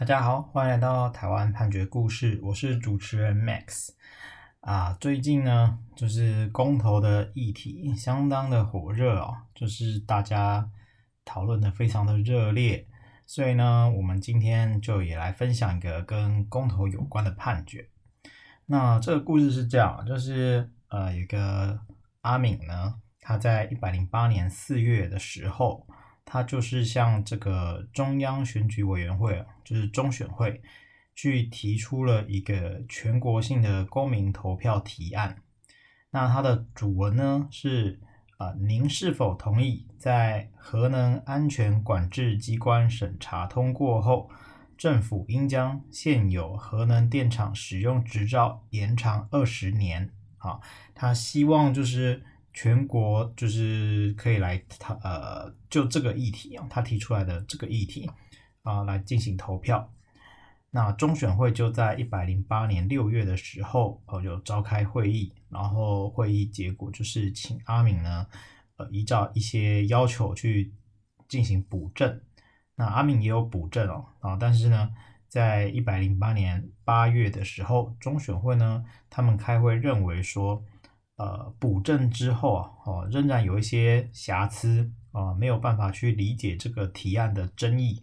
大家好，歡迎來到台灣判決故事，我是主持人 Max。啊，最近呢，就是公投的議題相當的火熱哦，就是大家討論得非常的熱烈，所以呢，我們今天就也來分享一個跟公投有關的判決。那這個故事是這樣，就是呃，有一個阿敏呢，他在一百零八年四月的時候。他就是向這個中央選舉委員會啊，就是中選會，去提出了一個全國性的公民投票提案。那他的主文呢是，啊，呃，您是否同意在核能安全管制機關審查通過後，政府應將現有核能電廠使用執照延長二十年？啊，他希望就是。全國就是可以來他呃，、就這個議題啊，他提出來的這個議題啊，呃，來進行投票。那中選會就在一百零八年六月的時候，呃，就召開會議，然後會議結果就是請阿敏呢，呃，依照一些要求去進行補正。那阿敏也有補正哦，啊，呃，但是呢，在一百零八年八月的時候，中選會呢，他們開會認為說。呃，補正之後啊，哦、啊，仍然有一些瑕疵啊，沒有辦法去理解這個提案的爭議，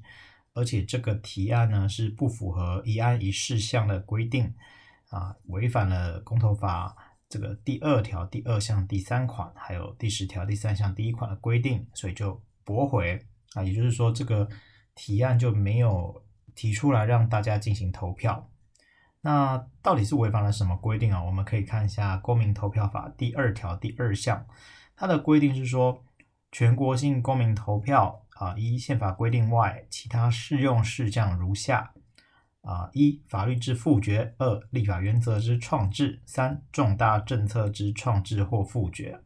而且這個提案呢是不符合一案一事項的規定啊，違反了公投法這個第二條第二項第三款，還有第十條第三項第一款的規定，所以就駁回啊，也就是說這個提案就沒有提出來讓大家進行投票。那到底是違反了什麼規定啊？我們可以看一下《公民投票法》第二條第二項，它的規定是說，全國性公民投票啊，依憲法規定外，其他適用事項如下啊：一、法律之複決；二、立法原則之創制；三、重大政策之創制或複決。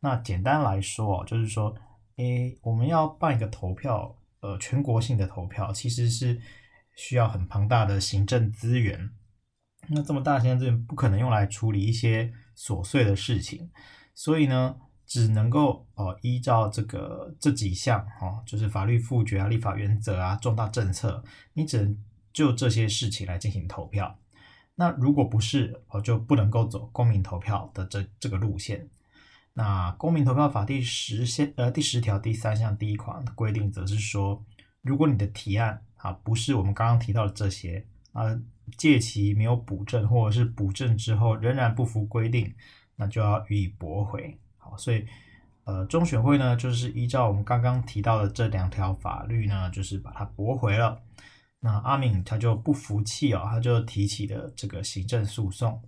那簡單來說哦，就是說，欸，誒，我們要辦一個投票，呃，全國性的投票，其實是需要很龐大的行政資源。那這麼大，現在不可能用來處理一些瑣碎的事情，所以呢，只能夠哦依照這個這幾項就是法律複決啊、立法原則啊、重大政策，你只能就這些事情來進行投票。那如果不是就不能夠走公民投票的這這個路線。那公民投票法第十項呃第十條第三項第一款的規定則是說，如果你的提案啊不是我們剛剛提到的這些啊。借其沒有補正，或者是補正之後仍然不符規定，那就要予以駁回。好，所以呃，中選會呢，就是依照我們剛剛提到的這兩條法律呢，就是把它駁回了。那阿敏她就不服氣哦，她就提起了這個行政訴訟。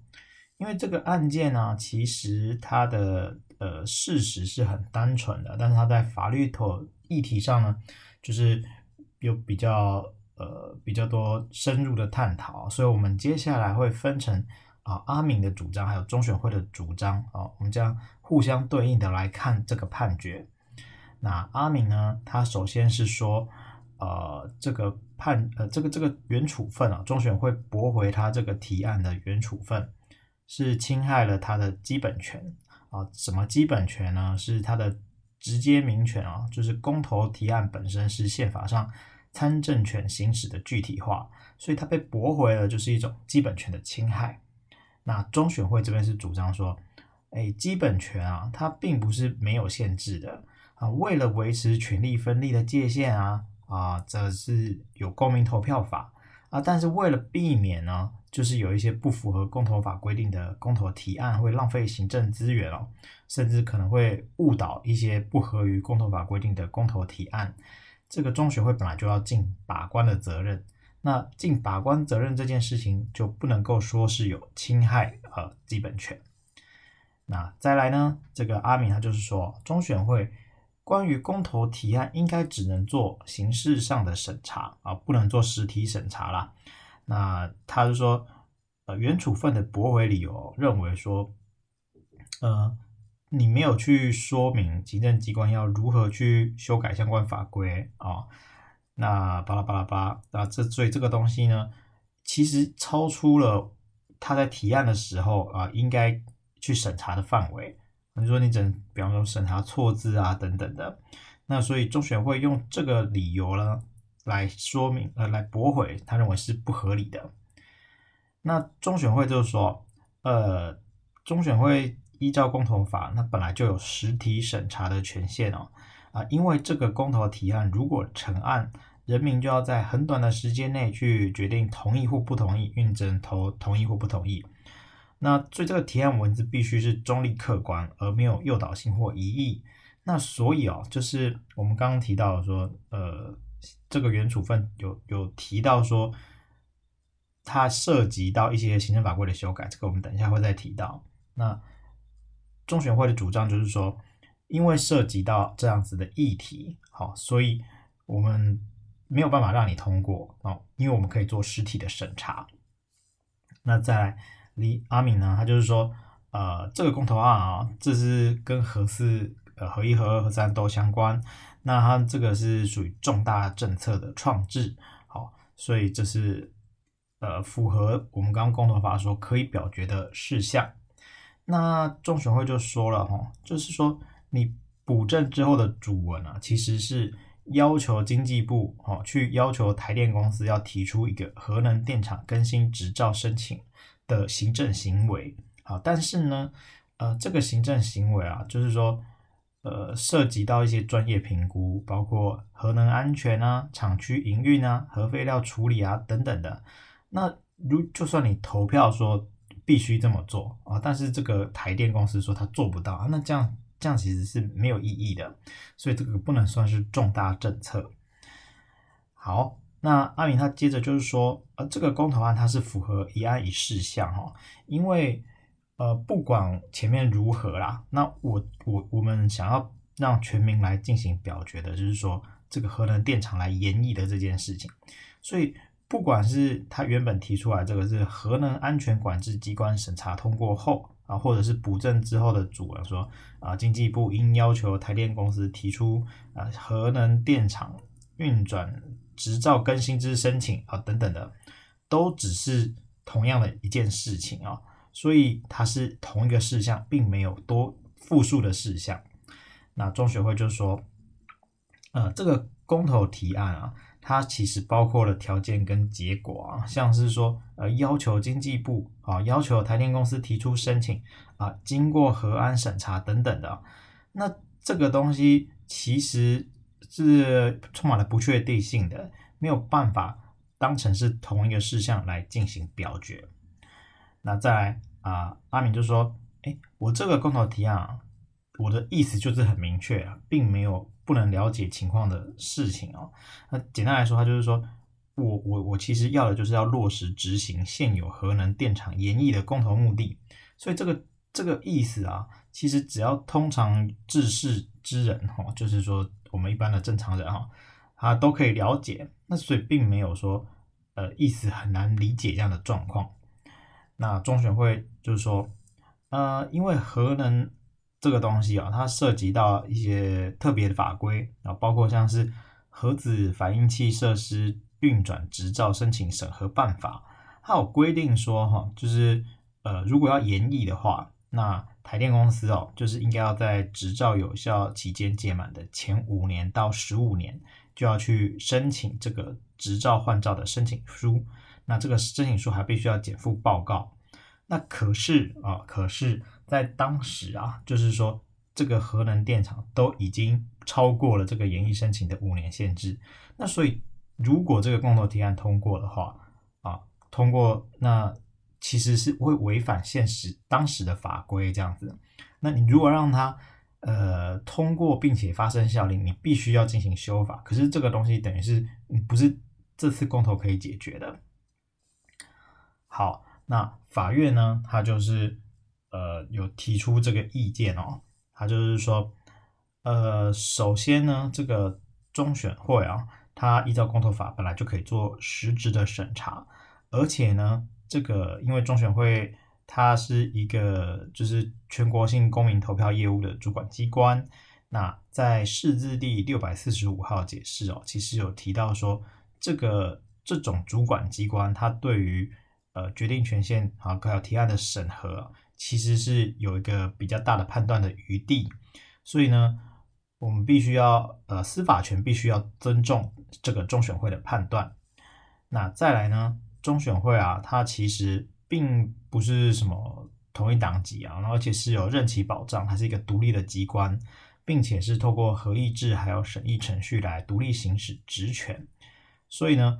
因為這個案件呢、啊，其實它的呃事實是很單純的，但是它在法律妥議題上呢，就是又比較。呃，比較多深入的探討，所以我們接下來會分成啊阿敏的主張，還有中選會的主張啊，我們將互相對應的來看這個判決。那阿敏呢，他首先是說，呃，這個判呃這個這個原處分啊，中選會駁回他這個提案的原處分，是侵害了他的基本權啊。什麼基本權呢？是他的直接民權啊，就是公投提案本身是憲法上。參政權行使的具體化，所以它被駁回了，就是一種基本權的侵害。那中選會這邊是主張說，欸，基本權啊，它並不是沒有限制的啊。為了維持權力分立的界限啊，啊，則是有公民投票法啊。但是為了避免呢，啊，就是有一些不符合公投法規定的公投提案會浪費行政資源哦，甚至可能會誤導一些不合於公投法規定的公投提案。這個中選會本來就要盡把關的責任，那盡把關責任這件事情就不能夠說是有侵害呃基本權。那再來呢，這個阿敏他就是說，中選會關於公投提案應該只能做形式上的審查而不能做實體審查啦。那他是說，呃，原處分的駁回理由認為說，呃。你沒有去說明行政機關要如何去修改相關法規啊、哦？那巴拉巴拉巴拉，那這所以這個東西呢，其實超出了他在提案的時候啊應該去審查的範圍。你說你整，比方說審查錯字啊等等的，那所以中選會用這個理由呢，來說明呃來駁回，他認為是不合理的。那中選會就是說，呃，中選會、嗯。依照公投法，那本來就有實體審查的權限哦。啊，因為這個公投的提案如果成案，人民就要在很短的時間內去決定同意或不同意，運政投同意或不同意。那所以這個提案文字必須是中立客觀，而沒有誘導性或疑義。那所以哦，就是我們剛剛提到說，呃，這個原處分有有提到說，它涉及到一些行政法規的修改，這個我們等一下會再提到。那中選會的主張就是說，因為涉及到這樣子的議題，好，所以我們沒有辦法讓你通過啊、哦，因為我們可以做實體的審查。那在李阿敏呢，他就是說，呃，這個公投案啊、哦，這是跟核四、呃核一、核二、核三都相關，那他這個是屬於重大政策的創制，好，所以這是呃符合我們剛剛公投法說可以表決的事項。那中選會就說了哈、哦，就是說你補正之後的主文啊，其實是要求經濟部哦，去要求台電公司要提出一個核能電廠更新執照申請的行政行為啊。但是呢，呃，這個行政行為啊，就是說呃涉及到一些專業評估，包括核能安全啊、廠區營運啊、核廢料處理啊等等的。那如就算你投票說，必須這麼做啊！但是這個台電公司說他做不到啊，那這樣這樣其實是沒有意義的，所以這個不能算是重大政策。好，那阿敏他接着就是說，呃，這個公投案它是符合一案一事項哈，因為呃不管前面如何啦，那我我我們想要讓全民來進行表決的，就是說這個核能電廠來延役的這件事情，所以。不管是他原本提出來這個是核能安全管制機關審查通過後啊，或者是補正之後的主文說啊，經濟部應要求台電公司提出啊，核能電廠運轉執照更新之申請啊等等的，都只是同樣的一件事情啊，所以它是同一個事項，並沒有多複數的事項。那中選會就說，呃，這個公投提案啊。它其實包括了條件跟結果啊，像是說，呃，要求經濟部啊，要求台電公司提出申請啊，經過核安審查等等的啊，那這個東西其實是充滿了不確定性的，沒有辦法當成是同一個事項來進行表決。那再來啊，阿敏就說，哎，我這個公投提案啊，我的意思就是很明確啊，並沒有。不能了解情況的事情哦，那簡單來說，他就是說，我我我其實要的就是要落實執行現有核能電廠延役的公投目的，所以這個這個意思啊，其實只要通常知識之人哈、哦，就是說我們一般的正常人哈，他、啊、都可以了解，那所以並沒有說呃意思很難理解這樣的狀況，那中選會就是說，呃，因為核能。這個東西啊，它涉及到一些特別的法規啊，包括像是核子反應器設施運轉執照申請審核辦法，它有規定說哈，就是呃，如果要延役的話，那台電公司哦，就是應該要在執照有效期間屆滿的前五年到十五年，就要去申請這個執照換照的申請書。那這個申請書還必須要檢附報告。那可是啊、呃，可是。在當時啊，就是說這個核能電廠都已經超過了這個延役申請的五年限制，那所以如果這個公投提案通過的話，啊通過，那其實是會違反現實當時的法規這樣子。那你如果讓它呃通過並且發生效力，你必須要進行修法。可是這個東西等於是你不是這次公投可以解決的。好，那法院呢，它就是。呃，有提出這個意見哦，他就是說，呃，首先呢，這個中選會啊，它依照公投法本來就可以做實質的審查，而且呢，這個因為中選會它是一個就是全國性公民投票業務的主管機關，那在釋字第六百四十五號解釋哦，其實有提到說，這個這種主管機關它對於呃決定權限啊，還有提案的審核啊。其實是有一個比較大的判斷的餘地，所以呢，我們必須要呃，司法權必須要尊重這個中選會的判斷。那再來呢，中選會啊，它其實並不是什麼同一黨籍啊，而且是有任期保障，它是一個獨立的機關，並且是透過合議制還有審議程序來獨立行使職權。所以呢，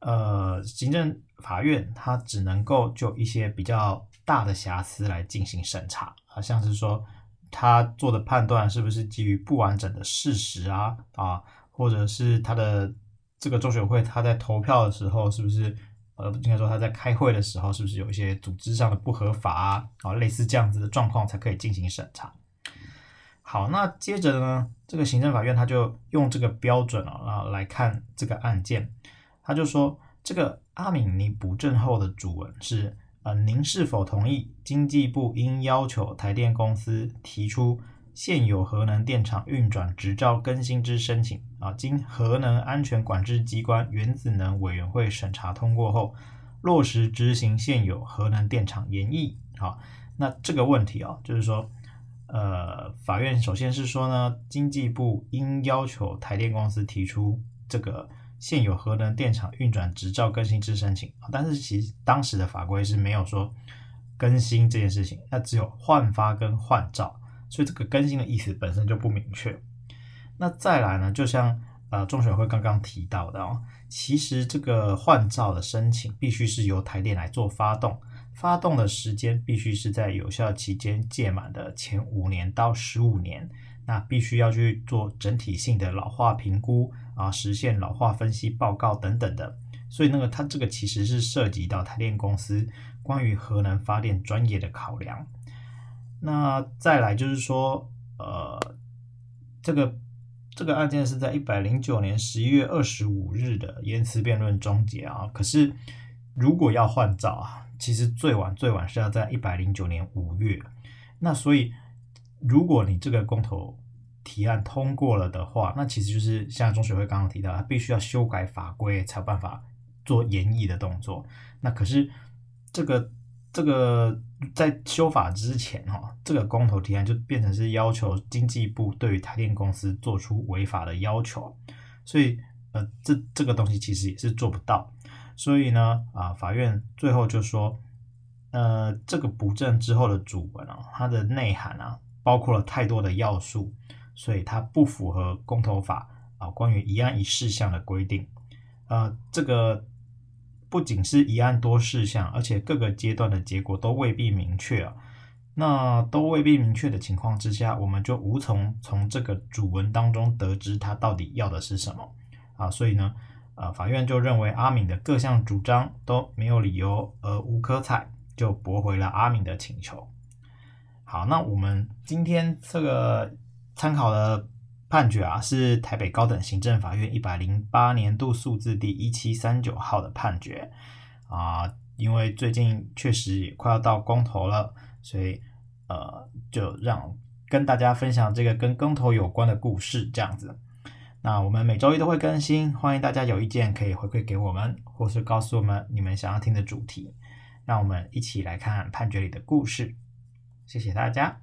呃，行政法院它只能夠就一些比較。大的瑕疵來進行審查啊，像是說他做的判斷是不是基於不完整的事實啊、啊，或者是他的這個中選會，他在投票的時候是不是呃、啊、應該說他在開會的時候是不是有一些組織上的不合法啊，啊類似這樣子的狀況才可以進行審查。好，那接着呢，這個行政法院他就用這個標準後、哦啊、來看這個案件，他就說這個阿敏尼補正後的主文是。呃，您是否同意經濟部應要求台電公司提出現有核能電廠運轉執照更新之申請？啊，經核能安全管制機關原子能委員會審查通過後，落實執行現有核能電廠延役。啊，那這個問題啊、哦，就是說，呃，法院首先是說呢，經濟部應要求台電公司提出這個。現有核能電廠運轉執照更新之申請，但是其實當時的法規是沒有說更新這件事情，那只有換發跟換照，所以這個更新的意思本身就不明確。那再來呢，就像呃中選會剛剛提到的哦，其實這個換照的申請必須是由台電來做發動，發動的時間必須是在有效期間屆滿的前五年到十五年，那必須要去做整體性的老化評估。啊，實現老化分析報告等等的，所以那個它這個其實是涉及到台電公司關於核能發電專業的考量。那再來就是說，呃，這個這個案件是在一百零九年十一月二十五日的言辭辯論終結啊。可是如果要換照啊，其實最晚最晚是要在一百零九年五月。那所以如果你這個公投，提案通過了的話，那其實就是像中選會剛剛提到，他必須要修改法規才有辦法做延役的動作。那可是這個這個在修法之前哈，這個公投提案就變成是要求經濟部對於台電公司做出違法的要求，所以呃，這這個東西其實也是做不到。所以呢，啊，法院最後就說，呃，這個補正之後的主文啊，它的內涵啊，包括了太多的要素。所以它不符合公投法啊，關於一案一事項的規定，呃，這個不僅是一案多事項，而且各個階段的結果都未必明確啊。那都未必明確的情況之下，我們就無從從這個主文當中得知他到底要的是什麼啊。所以呢，啊、呃，法院就認為阿敏的各項主張都沒有理由而無可採，就駁回了阿敏的請求。好，那我們今天這個。參考的判決啊，是台北高等行政法院一百零八年度訴字第一七三九號的判決啊。因為最近確實也快要到公投了，所以呃，就讓跟大家分享這個跟公投有關的故事這樣子。那我們每周一都會更新，歡迎大家有意見可以回饋給我們，或是告訴我們你們想要聽的主題。讓我們一起來看判決裡的故事。謝謝大家。